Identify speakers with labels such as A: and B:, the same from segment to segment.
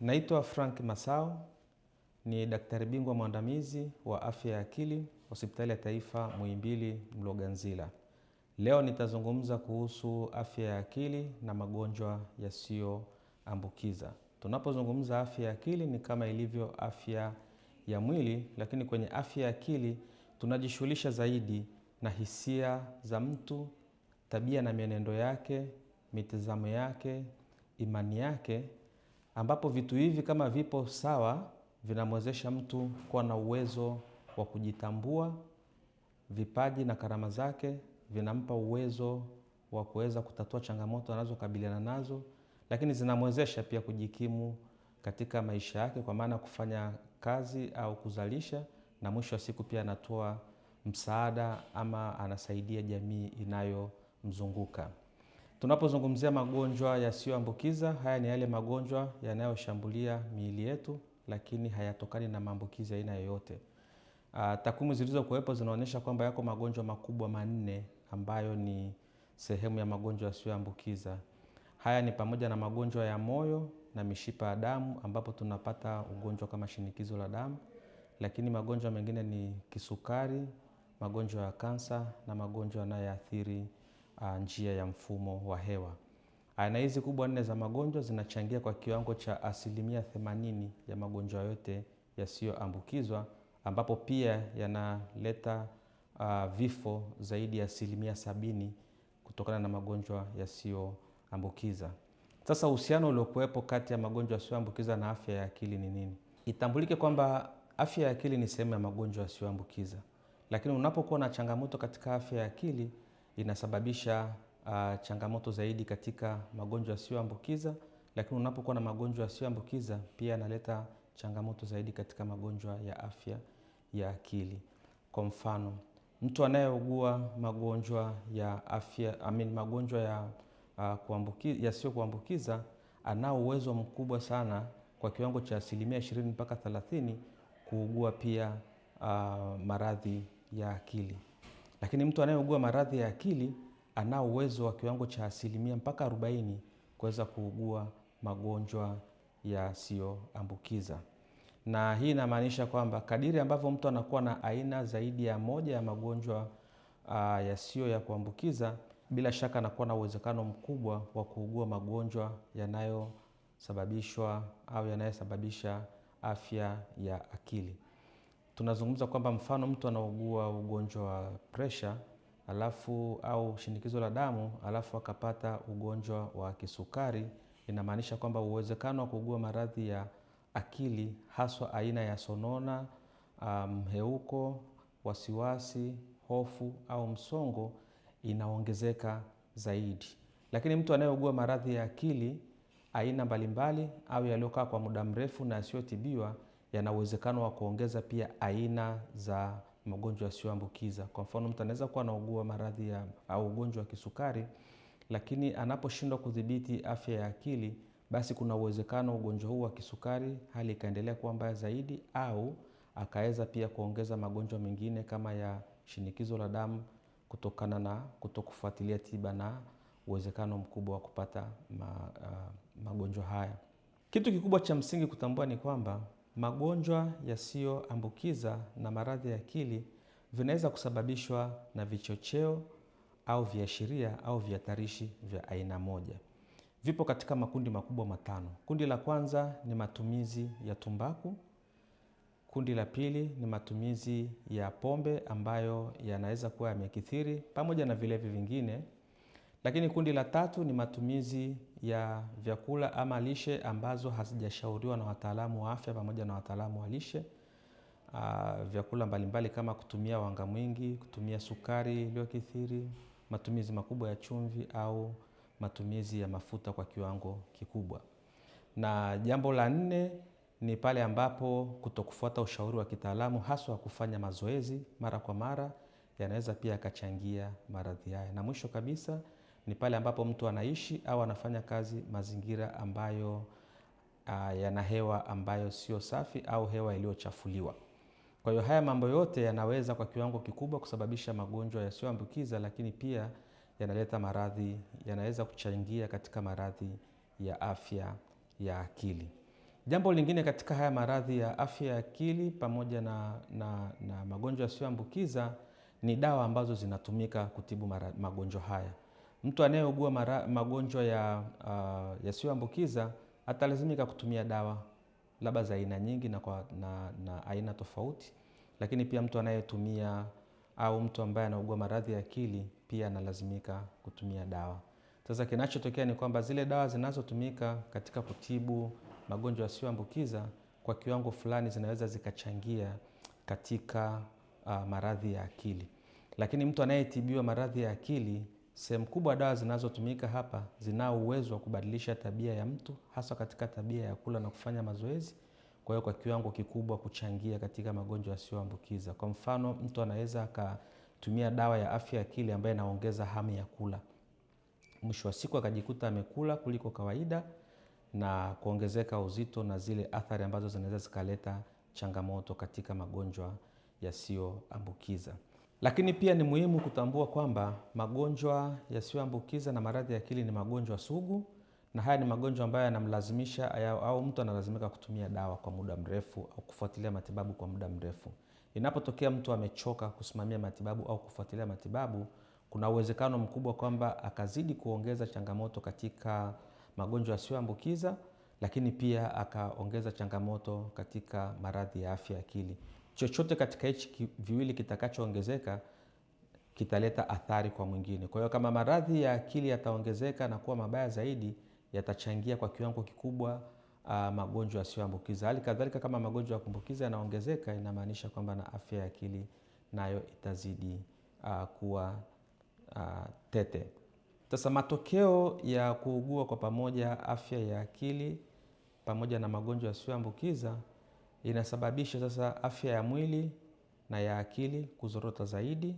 A: Naitwa Frank Masao, ni daktari bingwa mwandamizi wa afya ya akili hospitali ya taifa Muhimbili Mloganzila. Leo nitazungumza kuhusu afya ya akili na magonjwa yasiyoambukiza. Tunapozungumza afya ya akili ni kama ilivyo afya ya mwili, lakini kwenye afya ya akili tunajishughulisha zaidi na hisia za mtu, tabia na mienendo yake, mitazamo yake, imani yake ambapo vitu hivi kama vipo sawa, vinamwezesha mtu kuwa na uwezo wa kujitambua. Vipaji na karama zake vinampa uwezo wa kuweza kutatua changamoto anazokabiliana nazo, lakini zinamwezesha pia kujikimu katika maisha yake, kwa maana kufanya kazi au kuzalisha, na mwisho wa siku pia anatoa msaada ama anasaidia jamii inayomzunguka. Tunapozungumzia magonjwa yasiyoambukiza, haya ni yale magonjwa yanayoshambulia miili yetu, lakini hayatokani na maambukizi aina yoyote. Ah, takwimu zilizokuwepo zinaonyesha kwamba yako magonjwa makubwa manne ambayo ni sehemu ya magonjwa yasiyoambukiza. Haya ni pamoja na magonjwa ya moyo na mishipa ya damu, ambapo tunapata ugonjwa kama shinikizo la damu, lakini magonjwa mengine ni kisukari, magonjwa ya kansa na magonjwa yanayoathiri Ah, njia ya mfumo wa hewa. Aina ah, hizi kubwa nne za magonjwa zinachangia kwa kiwango cha asilimia 80 ya magonjwa yote yasiyoambukizwa ambapo pia yanaleta uh, vifo zaidi ya asilimia sabini kutokana na magonjwa yasiyoambukiza. Sasa uhusiano uliokuwepo kati ya magonjwa yasiyoambukiza na afya ya akili ni nini? Itambulike kwamba afya ya akili ni sehemu ya magonjwa yasiyoambukiza, lakini unapokuwa na changamoto katika afya ya akili inasababisha uh, changamoto zaidi katika magonjwa yasiyoambukiza, lakini unapokuwa na magonjwa yasiyoambukiza pia analeta changamoto zaidi katika magonjwa ya afya ya akili. Kwa mfano, mtu anayeugua magonjwa ya afya I mean, magonjwa ya uh, yasiyokuambukiza anao uwezo mkubwa sana kwa kiwango cha asilimia 20 mpaka 30 kuugua pia uh, maradhi ya akili. Lakini mtu anayeugua maradhi ya akili anao uwezo wa kiwango cha asilimia mpaka 40 kuweza kuugua magonjwa yasiyoambukiza, na hii inamaanisha kwamba kadiri ambavyo mtu anakuwa na aina zaidi ya moja ya magonjwa uh, yasiyo ya kuambukiza, bila shaka anakuwa na uwezekano mkubwa wa kuugua magonjwa yanayosababishwa au yanayosababisha afya ya akili tunazungumza kwamba mfano mtu anaugua ugonjwa wa presha alafu au shinikizo la damu alafu akapata ugonjwa wa kisukari, inamaanisha kwamba uwezekano wa kuugua maradhi ya akili haswa aina ya sonona, ah, mheuko, um, wasiwasi, hofu au msongo inaongezeka zaidi. Lakini mtu anayeugua maradhi ya akili aina mbalimbali au yaliyokaa kwa muda mrefu na yasiyotibiwa yana uwezekano wa kuongeza pia aina za magonjwa yasiyoambukiza. Kwa mfano, mtu anaweza kuwa anaugua maradhi ya au ugonjwa wa kisukari, lakini anaposhindwa kudhibiti afya ya akili, basi kuna uwezekano ugonjwa huu wa kisukari hali ikaendelea kuwa mbaya zaidi, au akaweza pia kuongeza magonjwa mengine kama ya shinikizo la damu kutokana na kutokufuatilia tiba na uwezekano mkubwa wa kupata ma, uh, magonjwa haya. Kitu kikubwa cha msingi kutambua ni kwamba Magonjwa yasiyoambukiza na maradhi ya akili vinaweza kusababishwa na vichocheo au viashiria au vihatarishi vya aina moja. Vipo katika makundi makubwa matano. Kundi la kwanza ni matumizi ya tumbaku. Kundi la pili ni matumizi ya pombe ambayo yanaweza kuwa yamekithiri pamoja na vilevi vingine. Lakini kundi la tatu ni matumizi ya vyakula ama lishe ambazo hazijashauriwa na wataalamu wa afya pamoja na wataalamu wa lishe. Uh, vyakula mbalimbali kama kutumia wanga mwingi, kutumia sukari iliyokithiri, matumizi makubwa ya chumvi au matumizi ya mafuta kwa kiwango kikubwa. Na jambo la nne ni pale ambapo kutokufuata ushauri wa kitaalamu haswa kufanya mazoezi mara kwa mara yanaweza pia yakachangia maradhi haya. Na mwisho kabisa ni pale ambapo mtu anaishi au anafanya kazi mazingira ambayo uh, yana hewa ambayo sio safi au hewa iliyochafuliwa. Kwa hiyo haya mambo yote yanaweza kwa kiwango kikubwa kusababisha magonjwa yasiyoambukiza, lakini pia yanaleta maradhi, yanaweza kuchangia katika maradhi ya afya ya akili. Jambo lingine katika haya maradhi ya afya ya akili pamoja na, na, na magonjwa yasiyoambukiza ni dawa ambazo zinatumika kutibu magonjwa haya. Mtu anayeugua magonjwa ya uh, yasiyoambukiza atalazimika kutumia dawa labda za aina nyingi na, kwa, na, na aina tofauti, lakini pia mtu anayetumia au mtu ambaye anaugua maradhi ya akili pia analazimika kutumia dawa. Sasa kinachotokea ni kwamba zile dawa zinazotumika katika kutibu magonjwa yasiyoambukiza kwa kiwango fulani zinaweza zikachangia katika uh, maradhi ya akili, lakini mtu anayetibiwa maradhi ya akili Sehemu kubwa dawa zinazotumika hapa zinao uwezo wa kubadilisha tabia ya mtu hasa katika tabia ya kula na kufanya mazoezi, kwa hiyo kwa kiwango kikubwa kuchangia katika magonjwa yasiyoambukiza. Kwa mfano, mtu anaweza akatumia dawa ya afya ya akili ambayo inaongeza hamu ya kula, mwisho wa siku akajikuta amekula kuliko kawaida na kuongezeka uzito na zile athari ambazo zinaweza zikaleta changamoto katika magonjwa yasiyoambukiza. Lakini pia ni muhimu kutambua kwamba magonjwa yasiyoambukiza na maradhi ya akili ni magonjwa sugu, na haya ni magonjwa ambayo yanamlazimisha au mtu analazimika kutumia dawa kwa muda mrefu au kufuatilia matibabu kwa muda mrefu. Inapotokea mtu amechoka kusimamia matibabu au kufuatilia matibabu, kuna uwezekano mkubwa kwamba akazidi kuongeza changamoto katika magonjwa yasiyoambukiza, lakini pia akaongeza changamoto katika maradhi ya afya ya akili chochote katika hichi viwili kitakachoongezeka kitaleta athari kwa mwingine. Kwa hiyo kama maradhi ya akili yataongezeka na kuwa mabaya zaidi, yatachangia kwa kiwango kikubwa uh, magonjwa yasiyoambukiza. Hali kadhalika kama magonjwa ya kuambukiza yanaongezeka, inamaanisha kwamba na afya ya akili nayo itazidi uh, kuwa uh, tete. Sasa matokeo ya kuugua kwa pamoja afya ya akili pamoja na magonjwa yasiyoambukiza inasababisha sasa afya ya mwili na ya akili kuzorota zaidi,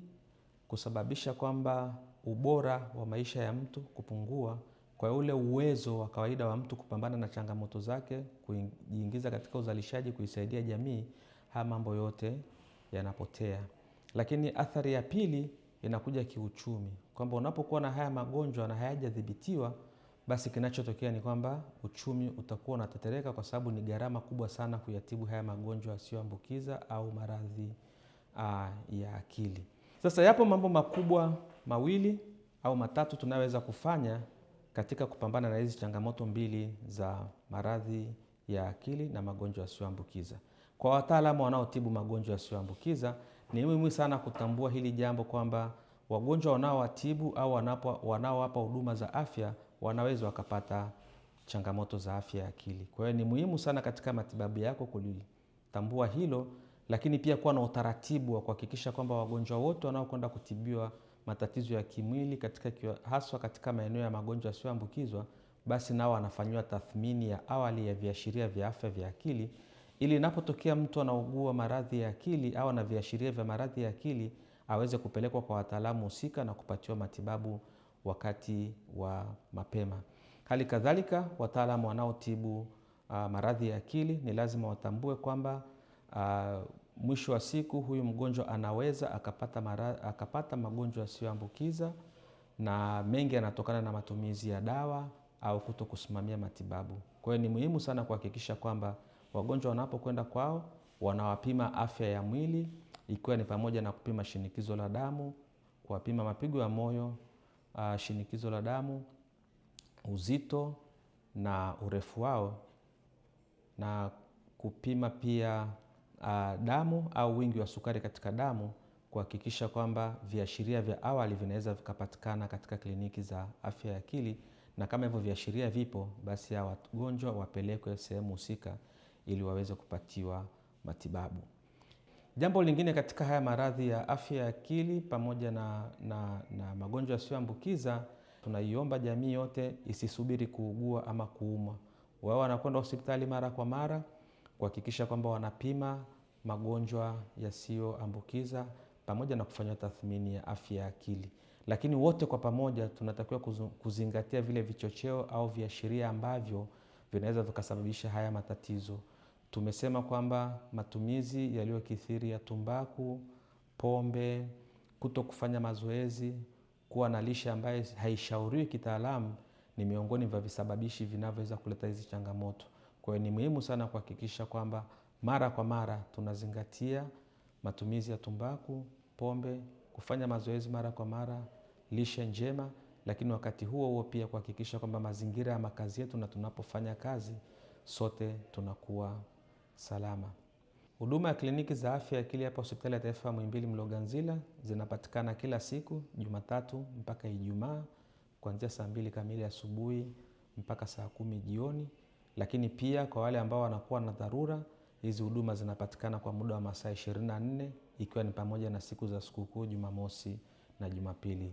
A: kusababisha kwamba ubora wa maisha ya mtu kupungua, kwa ule uwezo wa kawaida wa mtu kupambana na changamoto zake, kujiingiza katika uzalishaji, kuisaidia jamii, haya mambo yote yanapotea. Lakini athari ya pili inakuja kiuchumi, kwamba unapokuwa na haya magonjwa na hayajadhibitiwa basi kinachotokea ni kwamba uchumi utakuwa unatetereka, kwa sababu ni gharama kubwa sana kuyatibu haya magonjwa yasiyoambukiza au maradhi uh, ya akili. Sasa yapo mambo makubwa mawili au matatu tunayoweza kufanya katika kupambana na hizi changamoto mbili za maradhi ya akili na magonjwa yasiyoambukiza. Kwa wataalamu wanaotibu magonjwa yasiyoambukiza, ni muhimu sana kutambua hili jambo kwamba wagonjwa wanaowatibu au wanaowapa huduma za afya wanaweza wakapata changamoto za afya ya akili. Kwa hiyo ni muhimu sana katika matibabu yako kulitambua hilo, lakini pia kuwa na utaratibu wa kuhakikisha kwamba wagonjwa wote wanaokwenda kutibiwa matatizo ya kimwili katika haswa katika maeneo ya magonjwa yasiyoambukizwa basi nao wanafanyiwa tathmini ya awali ya viashiria vya afya vya akili, ili inapotokea mtu anaugua maradhi ya akili au ana viashiria vya maradhi ya akili aweze kupelekwa kwa wataalamu husika na kupatiwa matibabu wakati wa mapema. Hali kadhalika wataalamu wanaotibu uh, maradhi ya akili ni lazima watambue kwamba uh, mwisho wa siku huyu mgonjwa anaweza akapata, mara, akapata magonjwa yasiyoambukiza na mengi yanatokana na matumizi ya dawa au kuto kusimamia matibabu. Kwa hiyo ni muhimu sana kuhakikisha kwamba wagonjwa wanapokwenda kwao wanawapima afya ya mwili ikiwa ni pamoja na kupima shinikizo la damu, kuwapima mapigo ya moyo uh, shinikizo la damu, uzito na urefu wao na kupima pia uh, damu au wingi wa sukari katika damu kuhakikisha kwamba viashiria vya awali vinaweza vikapatikana katika kliniki za afya ya akili, na kama hivyo viashiria vipo, basi hawa wagonjwa wapelekwe sehemu husika ili waweze kupatiwa matibabu. Jambo lingine katika haya maradhi ya afya ya akili pamoja na, na, na magonjwa yasiyoambukiza, tunaiomba jamii yote isisubiri kuugua ama kuumwa. Wao wanakwenda hospitali mara kwa mara kuhakikisha kwamba wanapima magonjwa yasiyoambukiza pamoja na kufanya tathmini ya afya ya akili. Lakini wote kwa pamoja tunatakiwa kuzingatia vile vichocheo au viashiria ambavyo vinaweza vikasababisha haya matatizo. Tumesema kwamba matumizi yaliyokithiri ya tumbaku, pombe, kuto kufanya mazoezi, kuwa na lishe ambayo haishauriwi kitaalamu ni miongoni vya visababishi vinavyoweza kuleta hizi changamoto. kwahiyo ni muhimu sana kuhakikisha kwamba mara kwa mara tunazingatia matumizi ya tumbaku, pombe, kufanya mazoezi mara kwa mara, lishe njema, lakini wakati huo huo pia kuhakikisha kwamba mazingira ya makazi yetu na tunapofanya kazi sote tunakuwa salama. Huduma ya kliniki za afya ya akili hapa hospitali ya taifa ya Muhimbili Mloganzila zinapatikana kila siku Jumatatu mpaka Ijumaa kuanzia saa mbili kamili asubuhi mpaka saa kumi jioni, lakini pia kwa wale ambao wanakuwa na dharura, hizi huduma zinapatikana kwa muda wa masaa 24 ikiwa ni pamoja na siku za sikukuu Jumamosi na Jumapili.